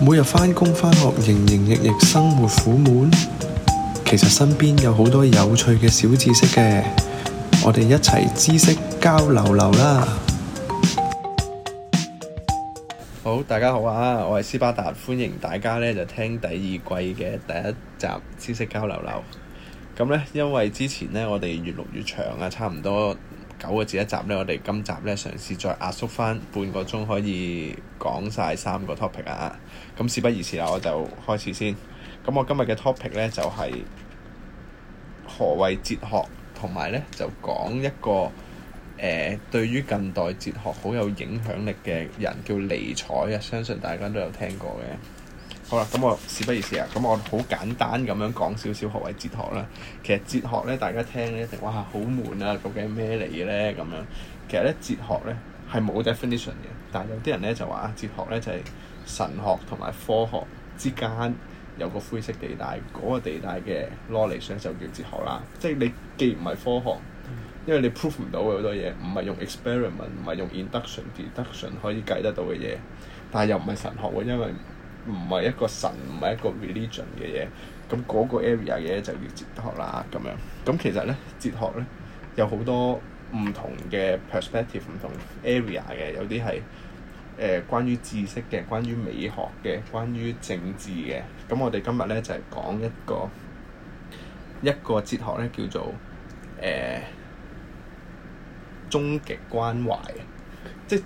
每日返工返學，營營役役，生活苦悶。其實身邊有好多有趣嘅小知識嘅，我哋一齊知識交流流啦！好，大家好啊，我係斯巴達，歡迎大家呢就聽第二季嘅第一集知識交流流。咁呢，因為之前呢，我哋越錄越長啊，差唔多，九個字一集呢，我哋今集呢，嘗試再壓縮翻半個鐘，可以講晒三個 topic 啊！咁事不宜遲啦，我就開始先。咁我今日嘅 topic 呢，就係何為哲學，同埋呢，就講一個誒對於近代哲學好有影響力嘅人叫尼采啊，相信大家都有聽過嘅。好啦，咁我事不宜遲啊，咁我好簡單咁樣講少少學位哲學啦。其實哲學咧，大家聽咧一定哇好悶啊，究竟係咩嚟嘅咧咁樣？其實咧哲學咧係冇 definition 嘅，但係有啲人咧就話啊哲學咧就係、是、神學同埋科學之間有個灰色地帶，嗰、那個地帶嘅 knowledge 就叫哲學啦。即係你既唔係科學，因為你 prove 唔到好多嘢，唔係用 experiment，唔係用 induction deduction 可以計得到嘅嘢，但係又唔係神學喎，因為唔係一個神，唔係一個 religion 嘅嘢，咁嗰個 area 嘅就叫哲學啦。咁樣，咁其實咧哲學咧有好多唔同嘅 perspective，唔同 area 嘅，有啲係誒關於知識嘅，關於美學嘅，關於政治嘅。咁我哋今日咧就係講一個一個哲學咧叫做誒終極關懷，即係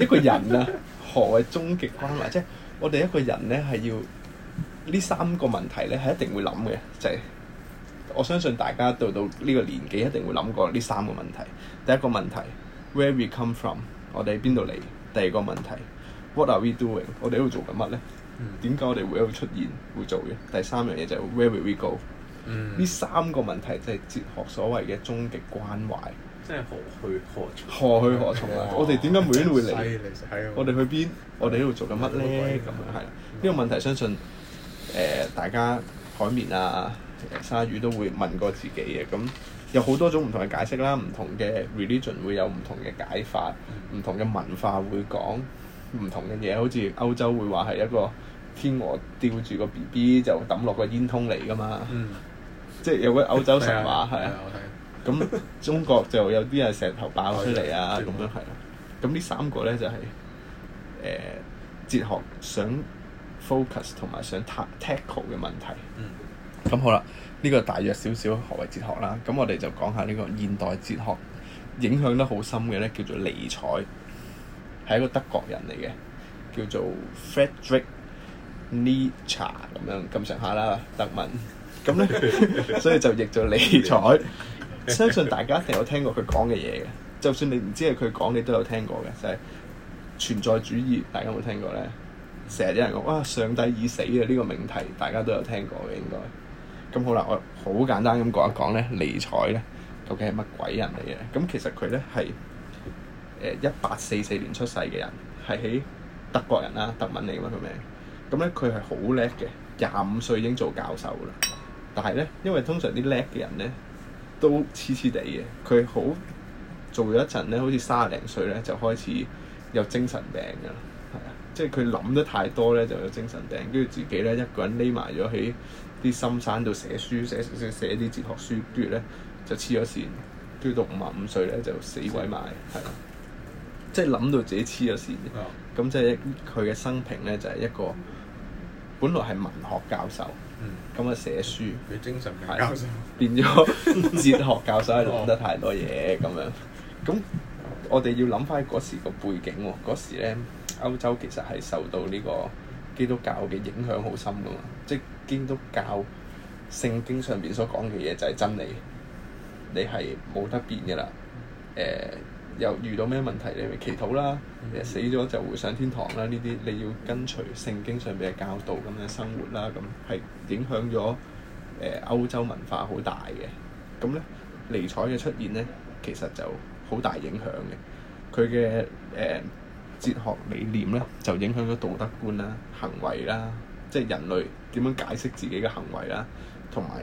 一個人啦， 何謂終極關懷？即係我哋一個人咧，係要呢三個問題咧，係一定會諗嘅，就係、是、我相信大家到到呢個年紀，一定會諗過呢三個問題。第一個問題，where we come from，我哋喺邊度嚟？第二個問題，what are we doing，我哋喺度做緊乜咧？點解我哋會喺度出現，會做嘅？第三樣嘢就 where w i we go？呢三個問題就係、嗯、哲學所謂嘅終極關懷。真係何去何從？何去何從啊！ 我哋點解每日會嚟？我哋去邊？的我哋喺度做緊乜咧？咁、嗯、樣係啦，呢、這個問題相信誒、呃、大家海綿啊、鯊魚都會問過自己嘅。咁有好多種唔同嘅解釋啦，唔同嘅 religion 會有唔同嘅解法，唔、嗯、同嘅文化會講唔同嘅嘢。好似歐洲會話係一個天鵝吊住個 BB 就抌落個煙通嚟㗎嘛。嗯，即係有個歐洲神話係啊。 咁 中國就有啲啊石頭爆出嚟啊，咁絕對 樣係啦。咁呢三個咧就係誒哲學想 focus 同埋想 tackle 嘅問題。嗯。咁、嗯、好啦，呢、這個大約少少何為哲學啦。咁我哋就講下呢個現代哲學影響得好深嘅咧，叫做尼采，係一個德國人嚟嘅，叫做 Friedrich Nietzsche 咁樣咁上下啦，德文。咁咧， 所以就譯做尼采。 相信大家一定有聽過佢講嘅嘢嘅，就算你唔知係佢講，你都有聽過嘅，就係、是、存在主義。大家有冇聽過呢？成日有人講哇，上帝已死啊！呢、這個命題大家都有聽過嘅應該。咁好啦，我好簡單咁講一講呢：尼采呢，究竟係乜鬼人嚟嘅？咁其實佢呢係一八四四年出世嘅人，係喺德國人啦、啊，德文嚟嘅嘛個名。咁呢，佢係好叻嘅，廿五歲已經做教授啦。但係呢，因為通常啲叻嘅人呢……都黐黐地嘅，佢好做咗一陣咧，好似三十零歲咧就開始有精神病噶啦，係啊，即係佢諗得太多咧就有精神病，跟住自己咧一個人匿埋咗喺啲深山度寫,寫,寫書寫書寫啲哲學書，跟住咧就黐咗線，跟住到五十五歲咧就死鬼埋，係即係諗到自己黐咗線，咁吧即係佢嘅生平咧就係、是、一個本來係文學教授。嗯，咁啊寫書，嘅精神教士是變咗哲學教授，係諗 得太多嘢咁樣。咁我哋要諗翻嗰時個背景喎，嗰時咧歐洲其實係受到呢個基督教嘅影響好深噶嘛，即、就、係、是、基督教聖經上邊所講嘅嘢就係真理，你係冇得變噶啦，誒、呃。又遇到咩問題，你咪祈禱啦。死咗就會上天堂啦。呢啲你要跟隨聖經上面嘅教導咁樣生活啦。咁係影響咗誒、呃、歐洲文化好大嘅。咁呢，尼采嘅出現呢，其實就好大影響嘅。佢嘅誒哲學理念呢，就影響咗道德觀啦、行為啦，即係人類點樣解釋自己嘅行為啦，同埋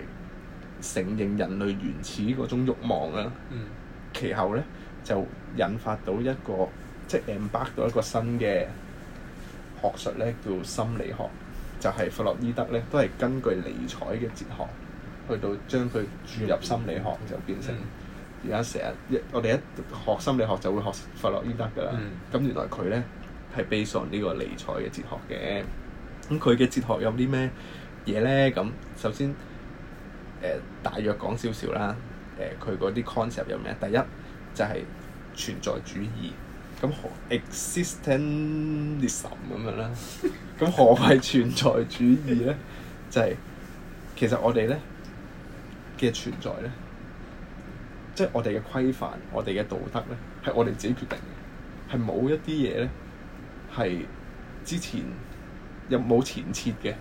承認人類原始嗰種慾望啦。嗯、其後呢，就～引發到一個即係、就是、embark 到一個新嘅學術咧，叫心理學，就係弗洛伊德咧，都係根據尼采嘅哲學去到將佢注入心理學，就變成而家成日一我哋一學心理學就會學弗洛伊德㗎啦。咁、嗯、原來佢咧係 base on 呢個尼采嘅哲學嘅。咁佢嘅哲學有啲咩嘢咧？咁首先誒、呃、大約講少少啦。誒佢嗰啲 concept 有咩？第一就係、是。存在主義，咁何 existential 咁樣啦。咁何謂存在主義咧？就係其實我哋咧嘅存在咧，即係我哋嘅規範、我哋嘅道德咧，係我哋自己決定嘅，係冇一啲嘢咧係之前又冇前設嘅，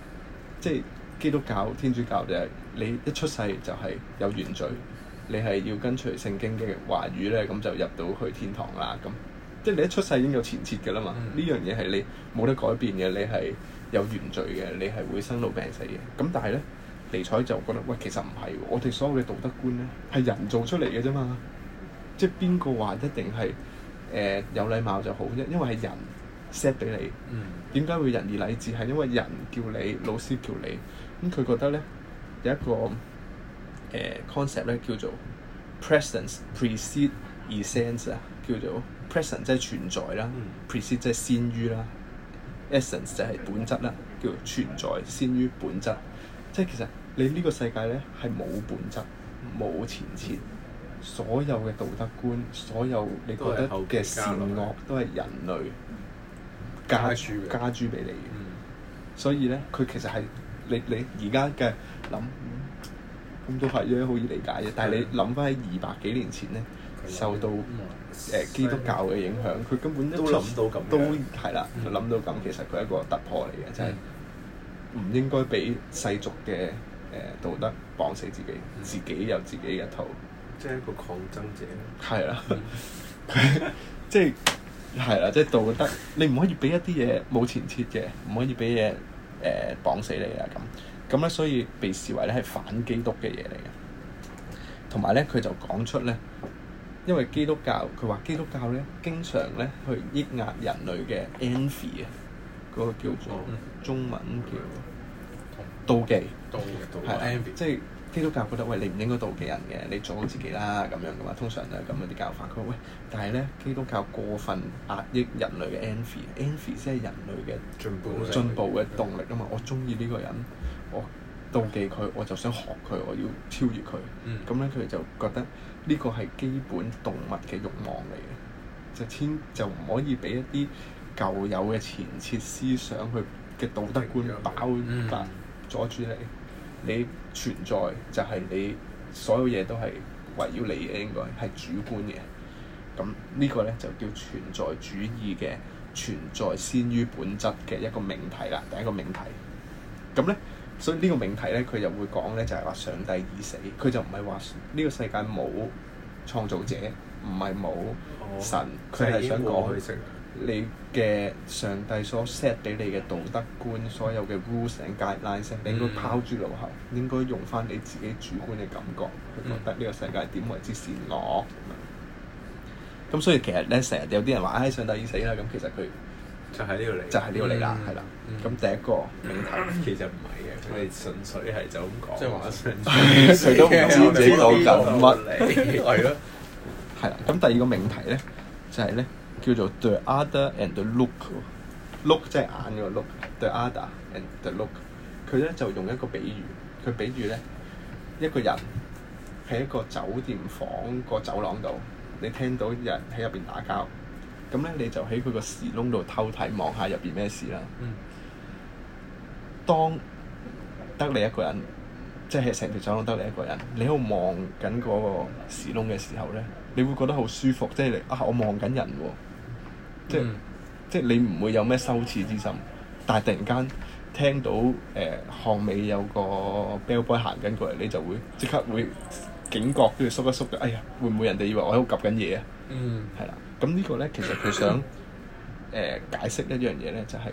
即係基督教、天主教就係你一出世就係有原罪。你係要跟隨聖經嘅話語咧，咁就入到去天堂啦。咁即係你一出世已經有前設嘅啦嘛。呢、嗯、樣嘢係你冇得改變嘅，你係有原罪嘅，你係會生老病死嘅。咁但係咧，尼采就覺得，喂，其實唔係。我哋所有嘅道德觀咧，係人做出嚟嘅啫嘛。即係邊個話一定係誒、呃、有禮貌就好？因因為係人 set 俾你。點解、嗯、會仁義禮智係因為人叫你，老師叫你。咁佢覺得咧有一個。誒 concept 咧叫做 presence precede essence 啊，叫做 present 即係存在啦，precede 即係先於啦，essence 就係本質啦，叫做存在先於本質。即係其實你呢個世界咧係冇本質、冇前設，所有嘅道德觀、所有你覺得嘅善惡都係人類加諸加諸俾你嘅。所以咧，佢其實係你你而家嘅諗。咁都係啫，好易理解嘅。但係你諗翻喺二百幾年前咧，是受到誒、嗯呃、基督教嘅影響，佢根本都諗到咁，嗯、都係啦。諗到咁，嗯嗯嗯、其實佢一個突破嚟嘅，就係、是、唔應該俾世俗嘅誒道德綁死自己，嗯、自己有自己嘅一套。即係一個抗爭者。係啦、嗯，即係係啦，即係、 就是就是、道德， 你唔可以俾一啲嘢冇前設嘅，唔可以俾嘢誒綁死你啊咁。咁咧，所以被視為咧係反基督嘅嘢嚟嘅。同埋咧，佢就講出咧，因為基督教佢話基督教咧經常咧去抑壓人類嘅 envy 啊，嗰個叫做中文叫妒忌，係 envy，即係基督教覺得喂，你唔應該妒忌人嘅，你做好自己啦咁樣噶嘛。通常都係咁樣啲教法。佢話喂，但係咧基督教過分壓抑人類嘅 envy，envy 即係人類嘅進步進步嘅動力啊嘛。我中意呢個人。我妒忌佢，我就想學佢，我要超越佢。咁咧、嗯，佢就覺得呢個係基本動物嘅慾望嚟嘅，就先就唔可以俾一啲舊有嘅前設思想去嘅道德觀包辦、嗯、阻住你。你存在就係你所有嘢都係圍繞你嘅，應該係主觀嘅。咁呢個咧就叫存在主義嘅存在先於本質嘅一個命題啦。第一個命題咁咧。所以個名呢個命題咧，佢就會講咧，就係話上帝已死。佢就唔係話呢個世界冇創造者，唔係冇神。佢係、哦、想講你嘅上帝所 set 俾你嘅道德觀，嗯、所有嘅 rules and guidelines，你應該拋諸腦後，應該用翻你自己主觀嘅感覺去覺得呢個世界點為之善惡咁、嗯、所以其實咧，成日有啲人話：唉、哎，上帝已死啦！咁其實佢就係呢個嚟，就係呢個嚟啦，係啦、嗯。咁第一個命題、嗯、其實唔係。我哋純粹係就咁講，即係話純粹，佢 都唔知自己講緊乜嚟。係咯， 係啦。咁第二個命題咧，就係、是、咧叫做 the other and the look，look 即係眼嗰個 look，the other and the look。佢咧就用一個比喻，佢比喻咧一個人喺一個酒店房個走廊度，你聽到人喺入邊打交，咁咧你就喺佢個匙窿度偷睇望下入邊咩事啦。嗯，當得你一個人，即係成條走廊得你一個人。你喺度望緊個匙窿嘅時候咧，你會覺得好舒服，即係你啊！我望緊人喎、啊，即、嗯、即你唔會有咩羞恥之心。但係突然間聽到誒、呃、巷尾有個 bell boy 行緊過嚟，你就會即刻會警覺，跟住縮一縮嘅。哎呀，會唔會人哋以為我喺度 𥄫 緊嘢啊？嗯，係啦。咁呢個咧，其實佢想誒、呃、解釋一樣嘢咧，就係。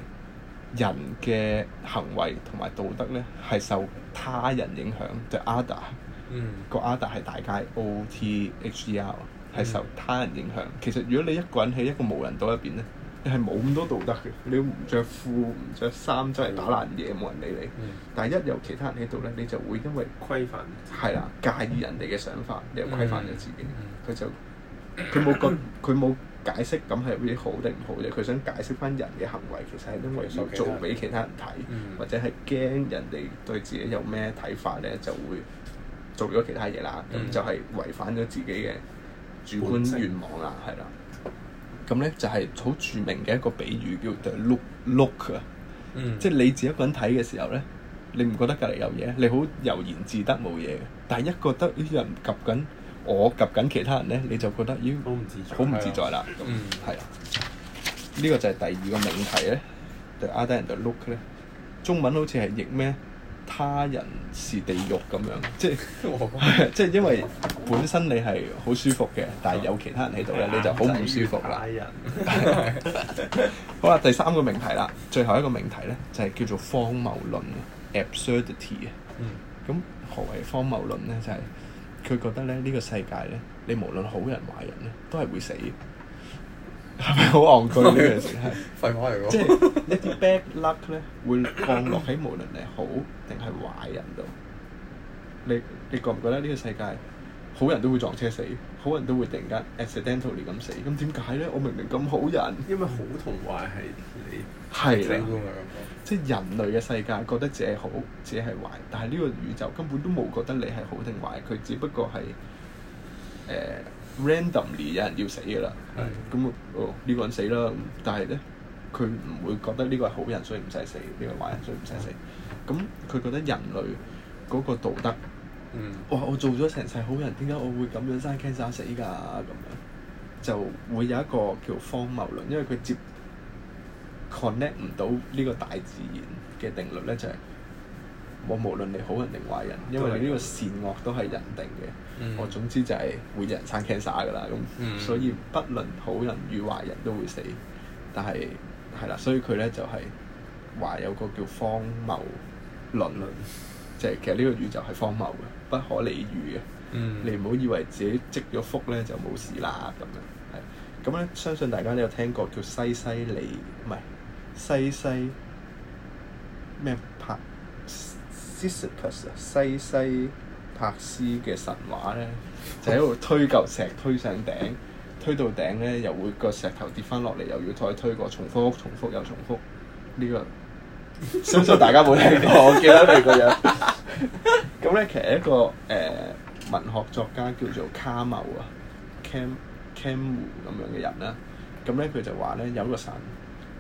人嘅行為同埋道德咧，係受他人影響，即係 other。個 other 係大階 O T H E R，係受他人影響。其實如果你一個人喺一個無人島入邊咧，你係冇咁多道德嘅，你唔著褲唔著衫，即係打爛嘢冇人理你。但係一有其他人喺度咧，你就會因為規範，係啦，介意人哋嘅想法，你又規範咗自己，佢就佢冇個佢冇。解釋咁係邊好定唔好啫？佢想解釋翻人嘅行為，其實係因為想做俾其他人睇，嗯、或者係驚人哋對自己有咩睇法咧，就會做咗其他嘢啦，嗯、就係違反咗自己嘅主觀願望啦，係啦正。咁咧就係、是、好著名嘅一個比喻，叫做 look look 啊、嗯，即係你自己一個人睇嘅時候咧，你唔覺得隔離有嘢？你好悠然自得冇嘢嘅，但係一覺得呢啲人及緊。我及緊其他人咧，你就覺得，已、哎、咦，好唔自在好唔自在啦，係啊、嗯，呢、這個就係第二個命題咧，對 other 人就 look 咧，中文好似係譯咩？他人是地獄咁樣，即係即係因為本身你係好舒服嘅，嗯、但係有其他人喺度咧，你就好唔舒服啦。人 好啦，第三個命題啦，最後一個命題咧，就係、是、叫做荒謬論 absurdity 啊，咁何謂荒謬論咧？就係、是佢覺得咧，呢個世界咧，你無論好人壞人咧，都係會死，係咪好戇居呢樣事？係 廢話嚟是喎！ 即係呢啲 bad luck 咧，會降落喺無論你好定係壞人度。你你覺唔覺得呢個世界？好人都會撞車死，好人都會突然間 accidentally 咁死，咁點解呢？我明明咁好人。因為好同壞係你，你係，即係人類嘅世界覺得自己好，自己係壞，但係呢個宇宙根本都冇覺得你係好定壞，佢只不過係、呃、randomly 有人要死噶啦。係。咁呢、嗯哦呢個人死啦，但係呢，佢唔會覺得呢個係好人，所以唔使死；呢、呢個壞人，所以唔使死。咁佢覺得人類嗰個道德。嗯、哇！我做咗成世好人，點解我會咁樣生 cancer 死㗎？咁樣就會有一個叫荒謬論，因為佢接 connect 唔到呢個大自然嘅定律咧，就係、是、我無論你好人定壞人，因為你呢個善惡都係人定嘅。嗯、我總之就係會有人生 cancer 㗎啦。咁、嗯、所以不論好人與壞人都會死，但係係啦，所以佢咧就係、是、話有個叫荒謬論論。其實呢個宇宙係荒謬嘅，不可理喻嘅。嗯，你唔好以為自己積咗福咧就冇事啦咁樣。係咁咧，相信大家都有聽過叫西西利，唔係，西西咩，帕西西帕斯嘅神話咧，就喺度推嚿石推上頂， 推到頂咧又會個石頭跌翻落嚟，又要再推過，重複重複，重複又重複呢個。 相信大家冇聽過，我記得佢個樣。咁 咧其實一個誒、呃、文學作家叫做卡繆啊，Cam Camu 咁樣嘅人啦。咁咧佢就話咧有一個神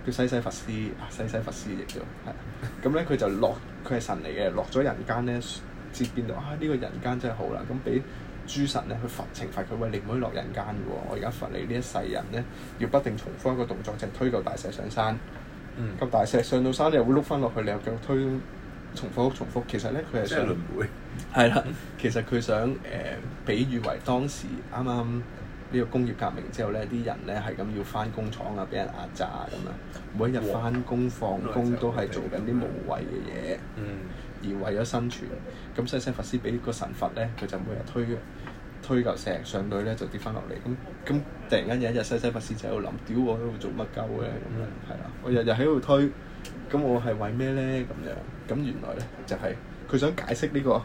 叫西西佛斯，西、啊、西佛斯亦都。係。咁咧佢就落，佢係神嚟嘅，落咗人間咧，接變到啊呢、呢個人間真係好啦。咁俾諸神咧去罰懲罰佢，喂，你唔可以落人間嘅喎，我而家罰你呢一世人咧，要不定重複一個動作，就係推嚿大石上山。咁大石上到山，你又會碌翻落去，你又繼續推，重複，重複。其實咧，佢係想輪迴。係啦， 其實佢想誒、呃，比喻為當時啱啱呢個工業革命之後咧，啲人咧係咁要翻工廠啊，俾人壓榨啊咁啊。每一日翻工放工都係做緊啲無謂嘅嘢，嗯、而為咗生存，咁西西佛斯俾個神佛咧，佢就每日推，推嚿石上去咧就跌翻落嚟，咁咁突然間日日西西弗斯就喺度諗，屌 我喺度做乜鳩咧？咁樣係啦，我日日喺度推，咁我係為咩咧？咁樣咁原來咧就係、是、佢想解釋、這個、個卡呢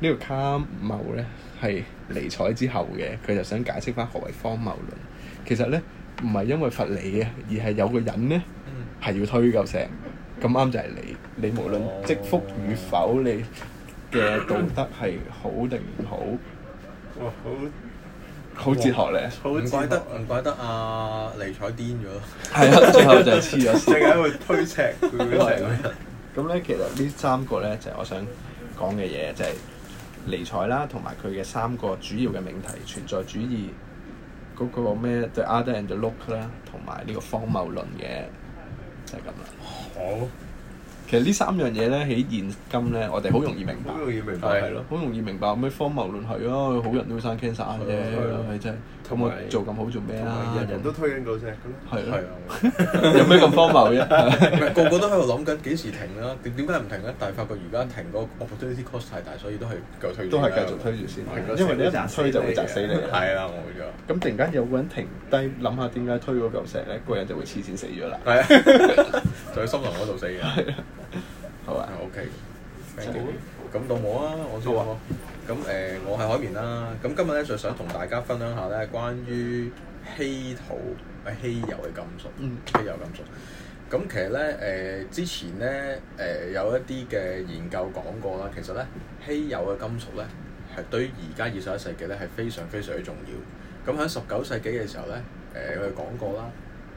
個呢個卡繆咧係尼采之後嘅，佢就想解釋翻何謂荒謬論。其實咧唔係因為罰你，啊，而係有個人咧係要推嚿石，咁啱就係你。你無論積福與否，你嘅道德係好定唔好？哇，好好哲學咧，唔哇怪得唔怪得阿、啊、尼采癲咗咯，係啊， 最後就黐咗線， 最近會推尺佢啲人。咁咧、 嗯，其實呢三個咧就係我想講嘅嘢，就係尼采啦，同埋佢嘅三個主要嘅命題存在主義，嗰，那個咩即係 the Other and the Look 啦，同埋呢個荒謬論嘅，就係咁啦。嗯、好。其實呢三樣嘢咧，喺現今咧，我哋好容易明白，係係咯，好容易明白咩荒謬論係咯，好人都會生 cancer 嘅的，係真係。的佢冇做咁好做咩啊？人人都推緊嗰石咁，係啊，有咩咁荒謬啫？唔係個個都喺度諗緊幾時停啦？點點解唔停咧？但係發覺而家停嗰，我覺得呢啲 cost 太大，所以都係繼續推住，都係繼續推住先。因為你一陣推就會砸死你。係啊，我覺得咁突然間有個人停低，係諗下點解推嗰嚿石咧，個人就會黐線死咗啦。係啊，就喺森林嗰度死嘅。係啊，好啊，OK，好，咁到我啊，我先咁誒、呃，我係海綿啦。咁今日咧就想同大家分享下咧，關於稀土啊，稀有嘅金屬，稀有金屬。咁其實咧誒、呃，之前咧誒、呃、有一啲嘅研究講過啦。其實咧，稀有嘅金屬咧係對於而家二十一世紀咧係非常非常之重要。咁喺十九世紀嘅時候咧，誒佢講過啦。誒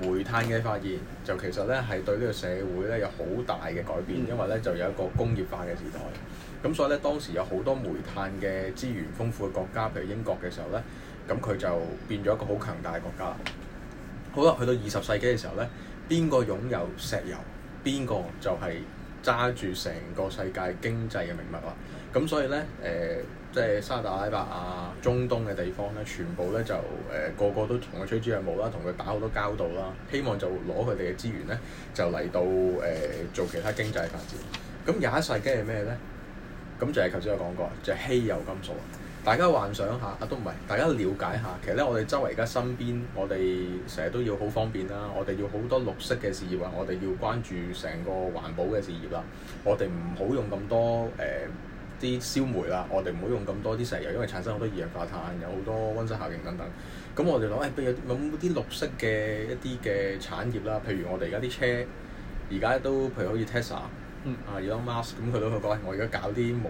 煤炭嘅發現就其實咧係對呢個社會咧有好大嘅改變，因為咧就有一個工業化嘅時代。咁所以咧當時有好多煤炭嘅資源豐富嘅國家，譬如英國嘅時候咧，咁佢就變咗一個好強大嘅國家。好啦，去到二十世紀嘅時候咧，邊個擁有石油，邊個就係揸住成個世界經濟嘅命脈啦。咁所以咧誒。呃即係沙特阿拉伯啊、中東嘅地方咧，全部咧就誒、呃、個個都同佢吹吹下帽啦，同佢打好多交道啦，希望就攞佢哋嘅資源咧，就嚟到誒、呃、做其他經濟發展。咁廿一世紀係咩咧？咁就係頭先我講過，就係、是、稀有金屬。大家幻想下，啊都唔係，大家了解下。其實咧，我哋周圍而家身邊，我哋成日都要好方便啦。我哋要好多綠色嘅事業啊，我哋要關注成個環保嘅事業啦。我哋唔好用咁多誒。呃啲燒煤啦，我哋唔好用咁多啲石油，因為產生好多二氧化碳，有好多溫室效應等等。咁我哋諗，誒、哎、不如有啲綠色嘅一啲嘅產業啦？譬如我哋而家啲車，而家都譬如好似 Tesla，啊，Elon Musk，咁佢都佢講、哎，我而家搞啲無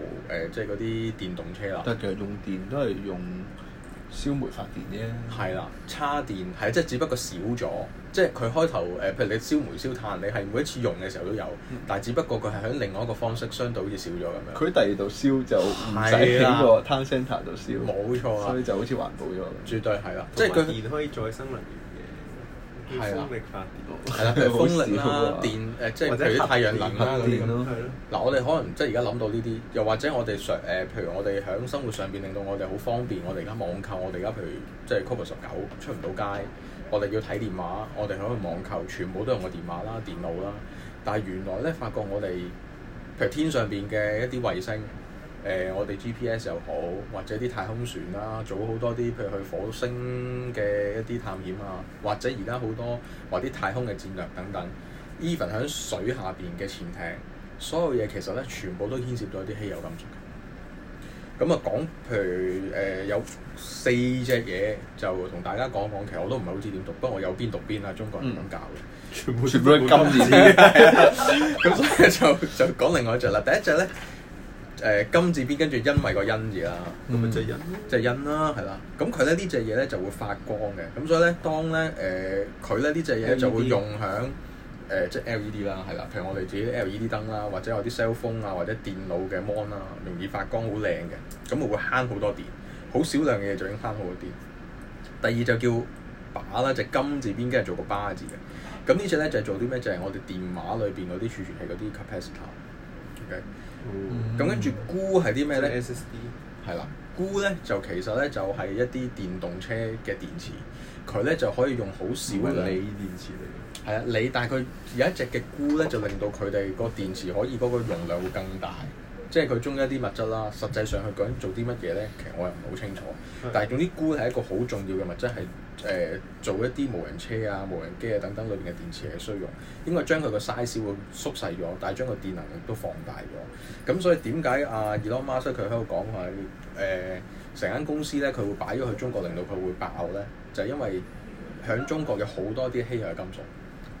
誒，即係嗰啲電動車啦。但其實用電都係用。燒煤發電啫，係啦 Yeah.，叉電係即係只不過少咗，即係佢開頭誒，譬如你燒煤燒炭，你係每一次用嘅時候都有，嗯、但係只不過佢係喺另外一個方式，相對好似少咗咁樣。佢第二度燒就唔使喺個碳 center 度燒，冇錯啊，所以就好似環保咗， 絕對係啊，即係佢電可以再生能源。係啦，風力發電，係啦，譬如風力啦， 電，誒，即係譬如太陽能啦嗰啲咯。係咯。嗱樣樣、啊，我哋可能即係而家諗到呢啲，又或者我哋上，誒、呃，譬如我哋響生活上邊令到我哋好方便，我哋而家網購，我哋而家譬如，譬如即係 COVID 十九出唔到街，我哋要睇電話，我哋可以網購，全部都用個電話啦、電腦啦。但係原來咧，發覺我哋譬如天上邊嘅一啲衛星。誒、呃，我哋 GPS 又好，或者啲太空船啦、啊，做好多啲，譬如去火星嘅一啲探險啊，或者而家好多或啲太空嘅戰略等等。Even 喺水下邊嘅潛艇，所有嘢其實咧，全部都牽涉到一啲稀有金屬。咁啊，講譬如誒、呃，有四隻嘢就同大家講講，其實我都唔係好知點讀，不過我有邊讀邊啊。中國人咁搞嘅，全部、嗯、是全部都係金字先。咁、 啊、所以就就講另外一隻啦，第一隻咧。誒、呃、金字邊跟住因為個因字啦，咁咪即係因，即係因啦，係啦、嗯。咁佢咧呢隻嘢咧就會發光嘅，咁所以咧當咧誒佢咧呢隻嘢、呃、就會用喺誒 LED、呃、即係 L E D 啦，係啦。譬如我哋自己 L E D 燈啦，或者有啲 cell phone 啊，或者電腦嘅 mon 啦，容易發光，好靚嘅。咁我會慳好多電，好少量嘅嘢就已經慳好多電。第二就叫把啦，即、就、係、是、金字邊跟住做個巴字嘅。咁呢隻咧就係做啲咩？就係、是就是、我哋電話裏邊嗰啲儲存器嗰啲 capacitor、okay?。咁跟住，鈷係啲咩咧？SSD？係啦，鈷咧就，就其實咧就係一啲電動車嘅電池，佢咧就可以用好少嘅鋰電池嚟。係啊，鋰，但係佢有一隻嘅鈷咧，就令到佢哋個電池可以嗰個容量會更大。即係佢中一啲物質啦。實際上佢究竟做啲乜嘢咧？其實我又唔係好清楚。但係總之鈷係一個好重要嘅物質係。誒、呃、做一啲無人車啊、無人機啊等等裏邊嘅電池嘅需用，因為將佢個 size 會縮細咗，但係將個電能亦都放大咗。咁所以點解阿 Elon Musk 佢喺度講話誒成間公司咧，佢會擺咗去中國，令到佢會爆咧，就係、是、因為響中國有好多啲稀有嘅金屬。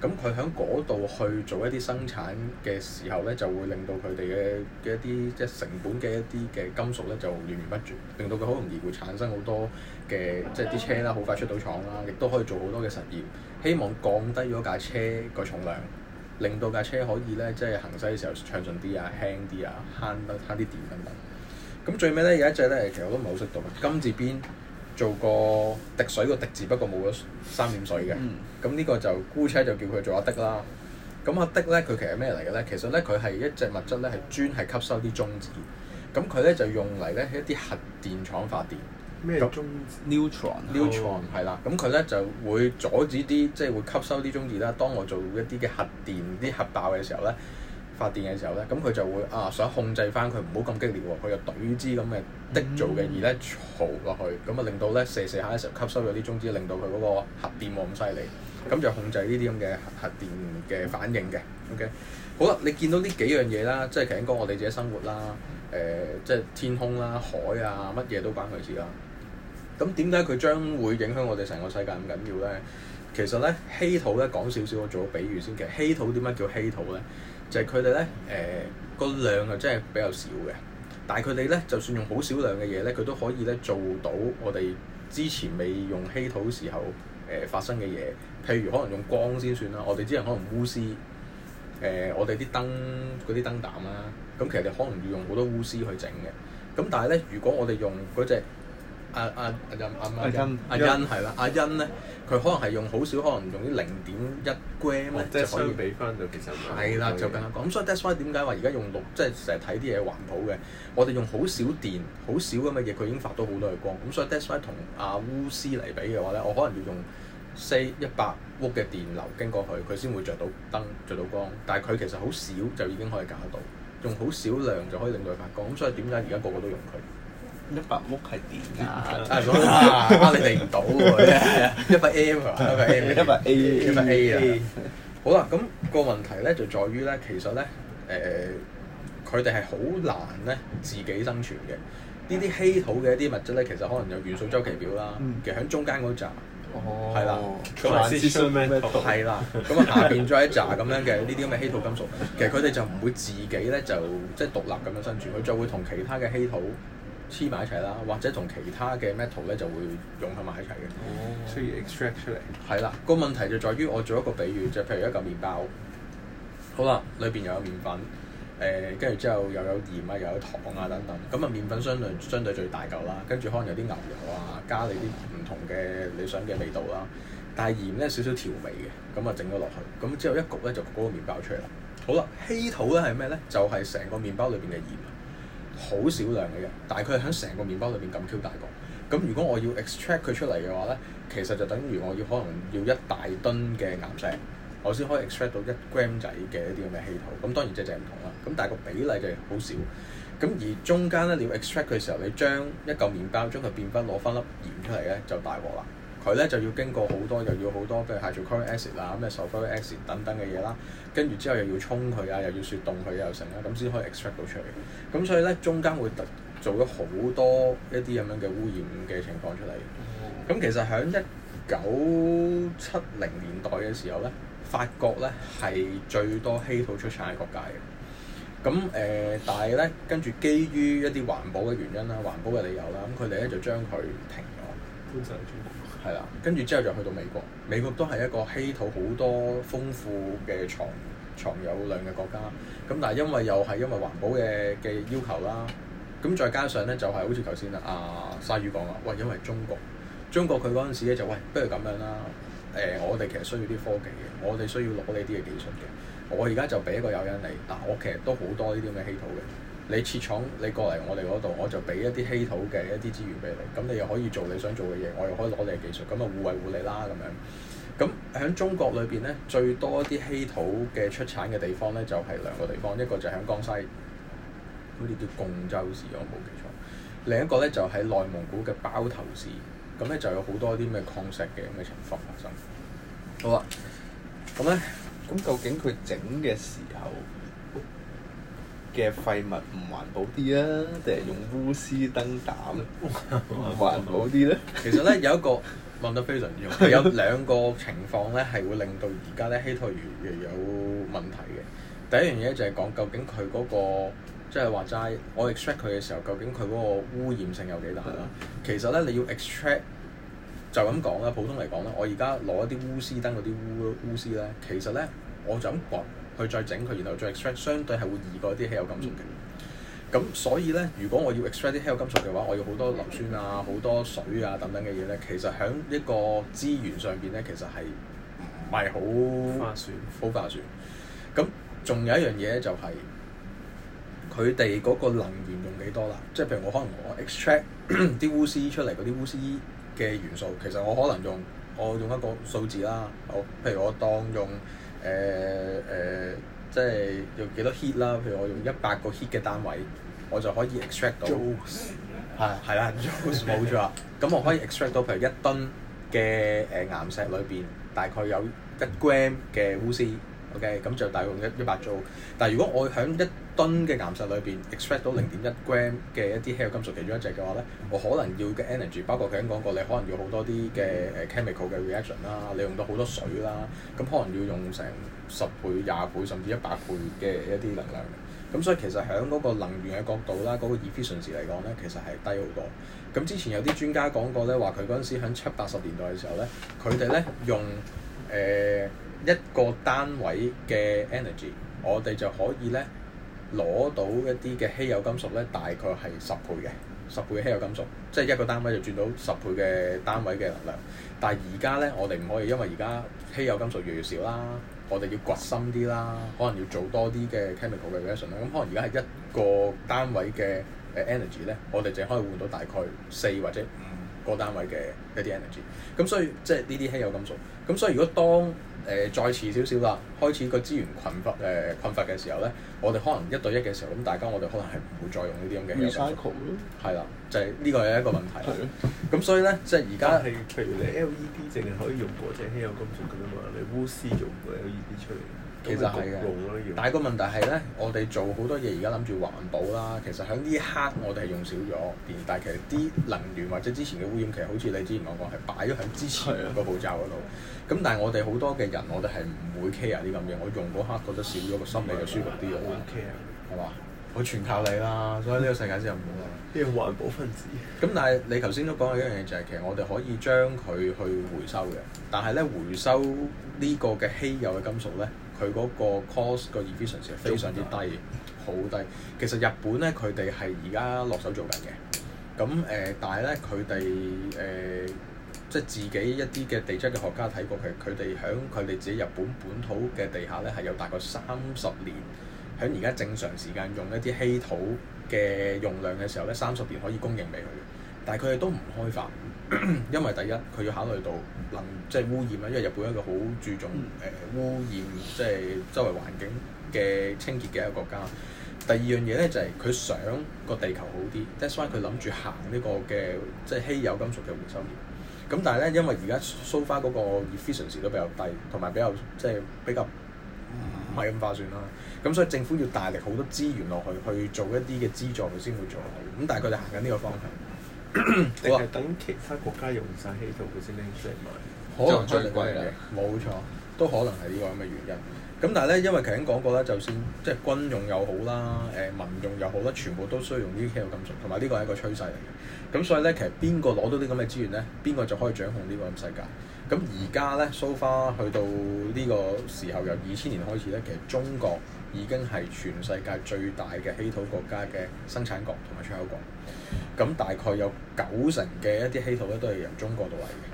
咁佢喺嗰度去做一啲生產嘅時候咧，就會令到佢哋嘅嘅一啲即係成本嘅一啲嘅金屬咧就源源不絕，令到佢好容易會產生好多嘅即係啲車啦，好快出到廠啦，亦都可以做好多嘅實驗，希望降低咗架車個重量，令到架車可以咧即係行駛嘅時候暢順啲啊，輕啲啊，慳得慳啲電等等。咁最尾咧有一隻咧，其實我都唔係好識到金字邊？做個滴水、個滴字不過冇咗三點水嘅，咁呢、嗯、個就姑且就叫佢做阿滴啦。咁阿滴咧，佢其實係咩嚟嘅咧？其實咧，佢係一隻物質咧，係專係吸收啲中子。咁佢咧就用嚟咧一啲核電廠發電。咩中？Neutron。Neutron 係啦，咁佢咧就會阻止啲即係會吸收啲中子啦。當我做一啲嘅核電啲核爆嘅時候咧。發電嘅時候咧，咁佢就會啊，想控制翻佢唔好咁激烈喎。佢就懟支咁嘅滴做嘅，嗯、而咧嘈落去咁啊，令到咧射射下嘅時候吸收咗啲中子，令到佢嗰個核電冇咁犀利。咁就控制呢啲咁嘅核電嘅反應嘅。OK，好啦，你見到呢幾樣嘢啦，即係頸哥我哋自己生活啦，誒、呃，即係天空啦、海啊，乜嘢都關佢事啦。咁點解佢將會影響我哋成個世界咁緊要咧？其實咧，稀土咧講少少，我做個比喻先。其實稀土點解叫稀土咧？就係佢哋咧，誒、呃、個量又真係比較少嘅，但係佢哋咧，就算用好少量嘅嘢咧，佢都可以咧做到我哋之前未用稀土時候誒、呃、發生嘅嘢，譬如可能用光先算啦，我哋之前可能鎢絲，誒、呃、我哋啲燈嗰啲燈膽啦，咁其實你可能要用好多鎢絲去整嘅，咁但係咧，如果我哋用嗰隻。阿阿阿欣阿欣阿欣係啦，阿欣咧佢可能係用好少，可能用於零點一 gram 咧就可以俾翻就其實係啦，就更加光。咁所以 desklight 點解話而家用六即係成日睇啲嘢環保嘅？我哋用好少電，好少咁嘅嘢，佢已經發到好多嘅光。咁所以 desklight 同阿鎢絲嚟比嘅話咧，我可能要用 say 一百 w 嘅電流經過佢，佢先會著到燈著到光。但係佢其實好少就已經可以搞到，用好少量就可以令到佢發光。咁所以點解而家個個都用佢？一百屋係點噶？阿叔，你哋唔到喎！一百 A 一百 A 一百 A，一百 A 啊！好啦，咁個問題咧就在於咧，其實咧，誒，佢哋係好難咧自己生存嘅。呢啲稀土嘅一啲物質咧，其實可能有元素周期表啦。其實喺中間嗰哦，係啦，咁啊資訊咩都係啦。咁啊下邊再一扎咁樣嘅呢啲咁嘅稀土金屬，其實佢哋就唔會自己咧就即係獨立咁樣生存，佢就會同其他嘅稀土。黐埋一齊啦，或者同其他嘅 metal 咧就會融合埋一齊嘅。哦、oh。所以 extract 出嚟。係啦，個問題就在於我做一個比喻，就是、譬如一嚿麵包，好啦，裏邊又有麵粉，誒、呃，跟住之後又有鹽啊，又有糖啊等等，咁啊麵粉相對相對最大嚿啦，跟住可能有啲牛油啊，加你啲唔同嘅理想嘅味道啦，但係鹽咧少少調味嘅，咁啊整咗落去，咁之後一焗咧就焗個麵包出嚟啦。好啦，稀土咧係咩咧？就係、是、成個麵包裏邊嘅鹽。好少量嘅嘢，但係佢係喺成個麵包裏面咁 Q 大個。咁如果我要 extract 佢出嚟嘅話咧，其實就等於我要可能要一大噸嘅岩石，我先可以 extract 到一 gram 仔嘅一啲咁嘅氣泡。咁當然隻隻唔同啦。咁但係個比例就好少。咁而中間咧，你要 extract 佢嘅時候，你將一嚿麵包將佢變翻攞翻粒鹽出嚟咧，就大鑊啦。佢咧就要經過好多，又要好多，譬如鉀鋁酸鹽啊、咩硫鋁酸鹽等等嘅嘢啦。跟住之後又要沖佢啊，又要雪凍佢又成啦，咁先可以 extract 到出嚟。咁所以咧，中間會做咗好多一啲咁樣嘅污染嘅情況出嚟。咁其實喺一九七零年代嘅時候咧，法國咧係最多稀土出產嘅國家嘅。咁誒、呃，但係咧跟住基於一啲環保嘅原因啦、環保嘅理由啦，咁佢哋咧就將佢停咗。真係。係啦，跟住之後就去到美國，美國都係一個稀土好多豐富嘅藏藏有量嘅國家。咁但係因為又係因為環保嘅嘅要求啦，咁再加上咧就係、是、好似頭先啦，阿、啊、沙魚講啦，喂，因為中國中國佢嗰陣時咧就喂，不如咁樣啦，誒、呃，我哋其實需要啲科技嘅，我哋需要攞呢啲嘅技術嘅，我而家就俾一個誘因你，嗱、啊，我其實都好多呢啲咁嘅稀土嘅。你設廠，你過嚟我哋嗰度，我就俾一啲稀土嘅一啲資源俾你，咁你又可以做你想做嘅嘢，我又可以攞你嘅技術，咁啊互惠互利啦咁樣。咁喺中國裏邊咧，最多啲稀土嘅出產嘅地方咧，就係、是、兩個地方，一個就喺江西，好似叫贛州市，我冇記錯；另一個咧就喺、是、內蒙古嘅包頭市，咁咧就有好多啲咩礦石嘅咁嘅情況發生。好啊，咁咧，咁究竟佢整嘅時候？嘅廢物唔環保啲啊，定係用烏絲燈膽環保啲咧？ 其實咧，有一個問得非常重要， 有兩個情況咧係會令到而家咧稀土越嚟越有問題嘅。第一樣嘢就係講究竟佢嗰個即係話齋，我 extract 佢嘅時候，究竟佢嗰個污染性有幾大啦？ 其實咧你要 extract 就咁講啦，普通嚟講咧，我而家攞一啲烏絲燈嗰啲烏烏絲咧，其實咧我就咁去再整佢，然後再 extract，相對係會易過啲稀有金屬嘅。咁、嗯、所以咧，如果我要 extract 啲稀有金屬嘅話，我要好多硫酸啊、好多水啊等等嘅嘢咧。其實喺一個資源上邊咧，其實係唔係好划算、好化算。咁仲有一樣嘢咧、就是，就係佢哋嗰個能源用幾多啦？即係譬如我可能我 extract 啲烏 絲出嚟嗰啲烏絲嘅元素，其實我可能用我用一個數字啦。我譬如我當用。誒誒、呃呃，即係要幾多 heat 啦？譬如我用一百個 heat 嘅單位，我就可以 extract 到，係係啦冇錯。咁我可以 extract 到譬如一噸嘅誒、呃、岩石裏邊，大概有一 gram 嘅烏斯。OK，咁就大概一一百 z，但係如果我響一噸嘅岩石裏邊 extract 到零點一 gram 嘅一啲稀有金屬其中一隻嘅話咧，我可能要嘅 energy，包括佢已經講過，你可能要好多啲嘅誒 chemical 嘅 reaction 啦，你用到好多水啦，咁可能要用成十倍、廿倍甚至一百倍嘅一啲能量。咁所以其實喺嗰個能源嘅角度啦，嗰、那個 efficiency 嚟講咧，其實係低好多。咁之前有啲專家講過咧，話佢嗰陣時喺七八十年代嘅時候咧，佢哋咧用誒、呃、一個單位嘅 energy，我哋就可以咧。攞到一啲嘅稀有金屬咧，大概係十倍嘅十倍嘅稀有金屬，即係一個單位就轉到十倍嘅單位嘅能量。但係而家咧，我哋唔可以，因為而家稀有金屬越嚟越少啦，我哋要掘深啲啦，可能要做多啲嘅 chemical reaction 啦。咁可能而家係一個單位嘅 energy 咧，我哋淨係可以換到大概四或者個單位嘅一啲 energy，咁所以即係呢啲稀有金屬，咁所以如果當誒、呃、再遲少少啦，開始個資源困乏誒、呃、困乏嘅時候咧，我哋可能一對一嘅時候，咁大家我哋可能係唔會再用呢啲咁嘅係啦，就係呢個係一個問題。咁了所以咧，即係而家係譬如你 LED 淨係可以用嗰隻稀有金屬噶啦嘛，你烏絲用過 LED 出嚟。其實係嘅，但係個問題係咧，我哋做好多嘢，而家諗住環保啦。其實喺呢一刻，我哋係用少咗。但係其實啲能源或者之前嘅污染，其實好似你之前講過係擺咗喺之前個步驟嗰度。咁 但係我哋好多嘅人，我哋係唔會 care 啲咁嘅。我用嗰刻覺得少咗，個心理，就舒服啲，我 care 係嘛？我全靠你啦。所以呢個世界先有冇呢啲環保分子。咁 但係你頭先都講過一樣嘢，就係、是、其實我哋可以將佢去回收嘅。但係咧，回收呢個嘅稀有嘅金屬咧。佢嗰個 cost 個 efficiency 係非常之低，好 低。其實日本咧，佢哋係而家落手做緊嘅。咁誒、呃，但係咧，佢哋誒，即、呃、係、就是、自己一啲嘅地質嘅學家睇過，其實佢哋響佢哋自己日本本土嘅地下咧，係有大概三十年，響而家正常時間用一啲稀土嘅用量嘅時候咧，三十年可以供應俾佢。但係佢哋都唔開發。因為第一，佢要考慮到能即係、就是、污染啦，因為日本一個好注重誒、呃、污染，即、就、係、是、周圍環境嘅清潔嘅一個國家。第二樣嘢咧就係、是、佢想個地球好啲，即 that's why 佢諗住行呢個嘅即係稀有金屬嘅回收業。咁但係咧，因為而家 so far 嗰個 efficiency 都比較低，同埋比較即係、就是、比較唔係咁划算啦。咁所以政府要大力好多資源落去去做一啲嘅資助，佢先會做好。咁但係佢哋行緊呢個方向。定係好等其他國家用晒稀土佢先拎出嚟賣，可能最貴嘅，冇錯，都可能係呢個咁嘅原因。咁但係咧，因為頭先講過咧，就算即係、就是、軍用又好啦，誒、嗯呃、民用又好啦，全部都需要用呢啲稀土金屬，同埋呢個係一個趨勢嚟嘅。咁所以咧，其實邊個攞到啲咁嘅資源咧，邊個就可以掌控呢個咁世界。咁而家咧，蘇花去到呢個時候，由二千年開始咧，其實中國。已經係全世界最大嘅稀土國家嘅生產國同埋出口國，咁大概有九成嘅一啲稀土咧都係由中國度嚟嘅。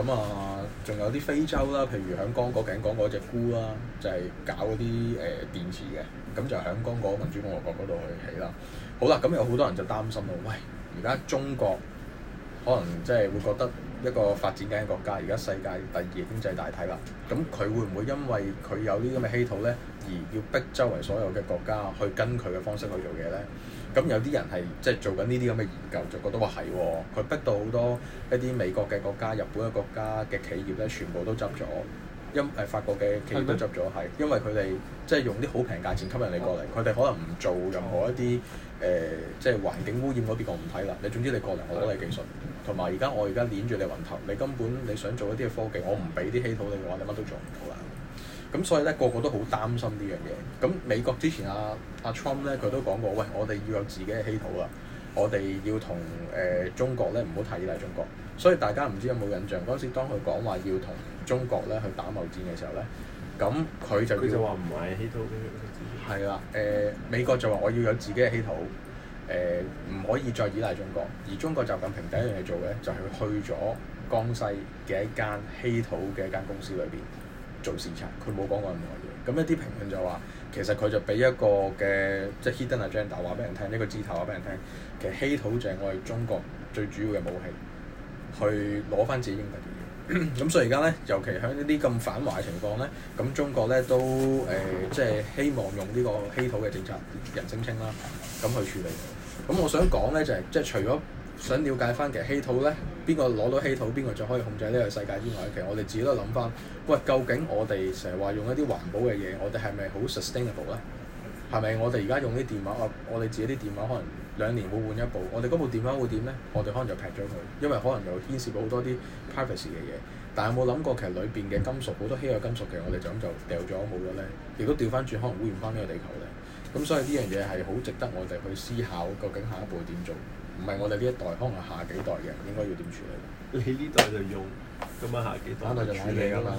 咁啊，仲有啲非洲啦，譬如響剛果頸港嗰隻鈷啦，就係、是、搞嗰啲誒電池嘅，咁就響剛果民主共和國嗰度去起啦。好啦，咁有好多人就擔心啦，喂，而家中國。可能即係會覺得一個發展緊嘅國家，而家世界第二經濟大體啦。咁佢會唔會因為佢有呢啲咁嘅稀土咧，而要逼周圍所有嘅國家去跟佢嘅方式去做嘢咧？咁有啲人係即係做緊呢啲咁嘅研究，就覺得話係，哦，佢逼到好多一啲美國嘅國家、日本嘅國家嘅企業咧，全部都執咗。因誒法國嘅企業都執咗，係的因為佢哋即係用啲好平價錢吸引你過嚟，佢哋的可能唔做任何一啲。誒、呃，即係環境污染嗰啲我唔睇啦。你總之你過嚟我攞你技術，同埋而家我而家攆住你雲頭，你根本你想做一啲嘅科技，我唔俾啲稀土你嘅話，你乜都做唔到啦。咁、嗯、所以咧，個個都好擔心呢樣嘢。咁美國之前阿阿 Trump 咧，佢、啊、都講過，喂，我哋要有自己嘅稀土啦，我哋要同誒、呃、中國咧，唔好太依賴中國。所以大家唔知有冇印象，嗰時當佢講話要同中國咧去打貿戰嘅時候咧，咁佢就佢就話唔買稀土。係啦，誒、呃、美國就話我要有自己嘅稀土，誒、呃、唔可以再依賴中國，而中國習近平第一樣嘢做嘅，就係去咗江西嘅一間稀土嘅一間公司裏邊做視察，佢冇講過任何嘢。咁一啲評論就話其實佢就俾一個嘅即係 Hidden Agenda 話俾人聽呢個字頭啊，俾人聽其實稀土就係我哋中國最主要嘅武器，去攞翻自己應咁咳嗨、嗯、所以而家咧，尤其喺呢啲咁反華嘅情況咧，咁中國咧都誒，即係希望用呢個稀土嘅政策人聲稱啦，咁去處理。咁、嗯、我想講咧就係、是，即係除咗想了解翻其實稀土咧，邊個攞到稀土，邊個就可以控制呢個世界之外，其實我哋自己都諗翻，喂，究竟我哋成日話用一啲環保嘅嘢，我哋係咪好 sustainable 咧？係咪我哋而家用呢電話？我我哋自己啲電話可能兩年會換一部。我哋嗰部電話會點咧？我哋可能就劈咗佢，因為可能又牽涉到好多啲 privacy 嘅嘢。但係有冇諗過其實裏邊嘅金屬，多金屬好多稀有金屬，其實我哋就咁就掉咗冇咗咧。亦都掉翻轉，可能污染翻呢個地球咧。咁所以呢樣嘢係好值得我哋去思考，究竟下一步點做？唔係我哋呢一代，可能係下幾代嘅應該要點處理？你呢代就用。咁晚下幾度？翻嚟就買嘢㗎嘛，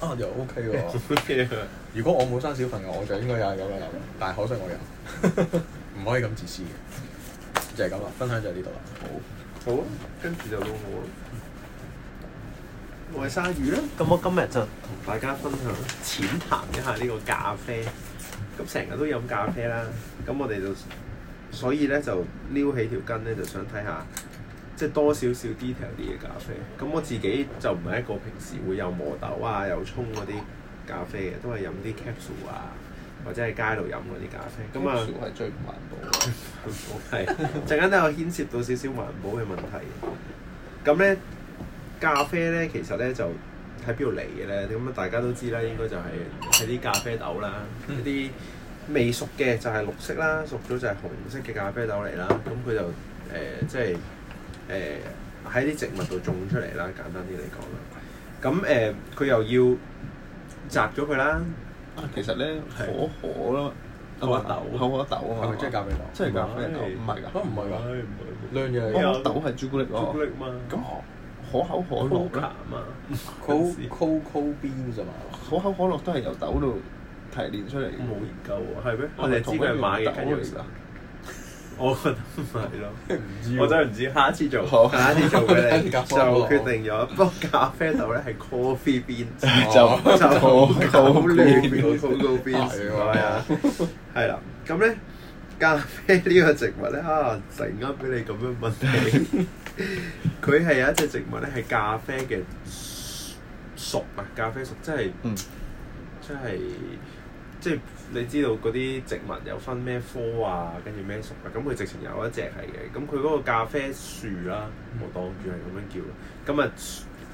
啊又 OK 喎， 如果我冇生小朋友，嘅，我就應該又有得留，但係可惜我有，唔 可以咁自私嘅，就係咁啦，分享就係呢度啦。好，好啊，跟住就攞我攞嘅沙魚啦。咁 我今日就同大家分享淺談一下呢個咖啡。咁成日都飲咖啡啦，咁我哋就所以咧就撩起條筋咧，就想睇下。即係多少少 detail 啲嘅咖啡。咁我自己就唔係一個平時會有磨豆啊，有沖嗰啲咖啡嘅，都係飲啲 capsule 啊，或者係街度飲嗰啲咖啡。咁 ps 啊，係最唔環保，環保係陣間都有牽涉到少少環保嘅問題。咁呢咖啡呢，其實呢就喺邊度嚟嘅呢？咁大家都知啦，應該就係喺啲咖啡豆啦， 一啲未熟嘅就係綠色啦，熟咗就係紅色嘅咖啡豆嚟啦。咁佢就誒、呃、即係。誒喺啲植物度種出嚟啦，簡單啲嚟講啦。咁誒佢又要摘咗佢啦。啊，其實咧可可咯，可豆可可豆啊嘛，即係咖啡豆？即係咖啡豆？唔係㗎？唔係㗎？兩樣嘢。可豆係朱古力咯。朱古力嘛？咁可口可樂咧？可可可可邊咋嘛？可口可樂都係由豆度提煉出嚟。冇研究啊？係咩？我哋只係買豆我覺得唔係咯，我真係唔知下一次做，下一次做畀你。就決定咗。不過咖啡豆咧係 coffee beans 就就好亂，好到邊？係啊，係啦。咁咧咖啡呢個植物咧啊，突然間俾你咁樣問起，佢係有一隻植物咧係咖啡嘅熟啊，咖啡熟即係即係。即係你知道嗰啲植物有分咩科啊，跟住咩屬物，咁佢直情有一隻係嘅。咁佢嗰個咖啡樹啦，我當住係咁樣叫。咁啊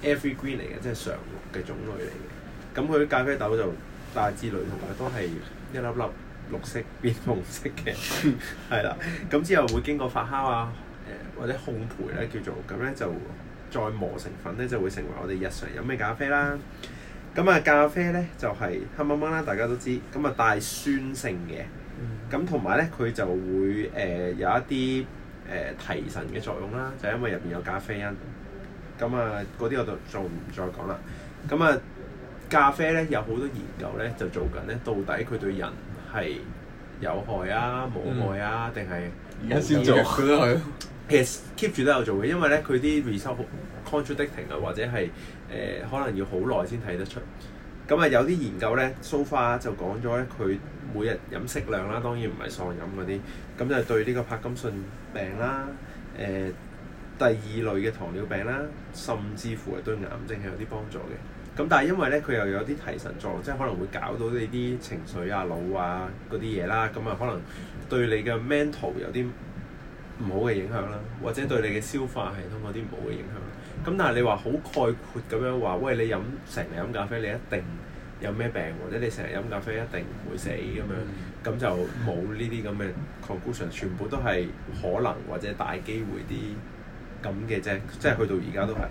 ，every green 嚟嘅，即係常綠嘅種類嚟嘅。咁佢咖啡豆就大致類同埋都係一粒粒綠色變紅色嘅，係 啦。咁之後會經過發酵啊，誒或者烘焙咧，叫做咁咧就再磨成粉咧，就會成為我哋日常飲嘅咖啡啦。咁啊，咖啡咧就係黑掹掹啦，大家都知。咁啊，帶酸性嘅。咁同埋咧，佢就會誒、呃、有一啲誒、呃、提神嘅作用啦，就係、因為入邊有咖啡因。咁、嗯、啊，嗰啲我就就唔再講啦。咁啊，咖啡咧有好多研究咧就做緊咧，到底佢對人係有害啊、冇害啊，定係而家先做嘅都係其實 keep 住都有做嘅，因為咧佢啲 result contradicting 啊，ing, contrad icting，或者係。誒、呃、可能要好耐先睇得出，咁、嗯、啊，有啲研究咧，蘇花、So far、就講咗咧，佢每日飲適量啦，當然唔係喪飲啲，咁就對呢個帕金遜病啦、誒、呃、第二類嘅糖尿病啦，甚至乎係對癌症係有啲幫助嘅。咁但係因為咧，佢又有啲提神作用，即係可能會搞到你啲情緒啊、腦啊啲嘢啦，咁啊可能對你嘅 mental 有啲唔好嘅影響啦，或者對你嘅消化系統有啲唔好嘅影響。咁但係你話好概括咁樣話，喂，你飲成日飲咖啡，你一定有咩病，或者你成日飲咖啡一定唔會死咁、嗯、樣，咁就冇呢啲咁嘅 conclusion，全部都係可能或者大機會啲咁嘅啫，即係去到而家都係。